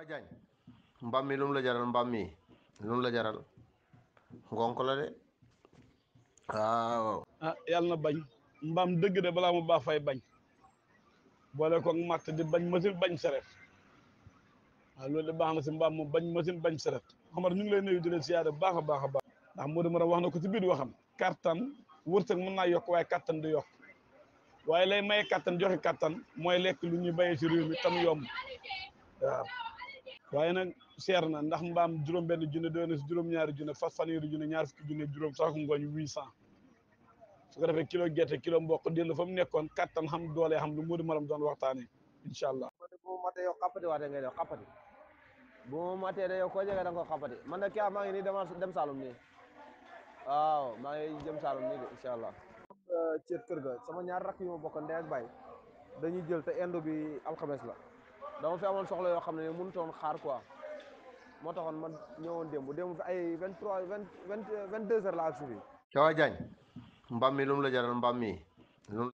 Baba mbam mi lum la jaral mbam mi lum la jaral ngonk la de waaw ah yàlla na mbam dëgg de balaa mu baax fay bañ boole ko matt di bañ machine bañ seret waaw ah, loolu de baax na si mbaam mu bañ machine bañ seret xamar ñu ngi lay nuyu di leen siyaare baax a baax a baax ndax Modou Mara wax na ko ci biir waxam kattan wërsëg mën naa du lay maye kattan joxe kattan mooy lekk lu ñuy bayee ci réew mi tam waaw waye nak cher na ndax mbam juróom ben junne doon si juróom ñaari junne fa faneeri junne ñaar fi sax 800 su ko defé kilo gété kilo mbokk dellu fam mu katan xam doole xam lu Modou Maram doon waxtaane inshallah allah bu yo xapati waté ngay yo xapati bu maté da yo ko jégué da nga xapati man nag kii ma ngi ni dama dem salum ni waaw ma ngi dem salum ni inshallah allah kër ga sama ñaar rak yu mo bokk ndé ak bay dañuy jël te endo bi khamis la dama fi amoon soxla yoo xam ne mënutoon xaar quoi moo taxoon ma ñëwoon démb démb fi ay vingt trois vingt vingt vingt deux heures la ak si bi Cawa Diagne mbam mi lu la jaral mbam mi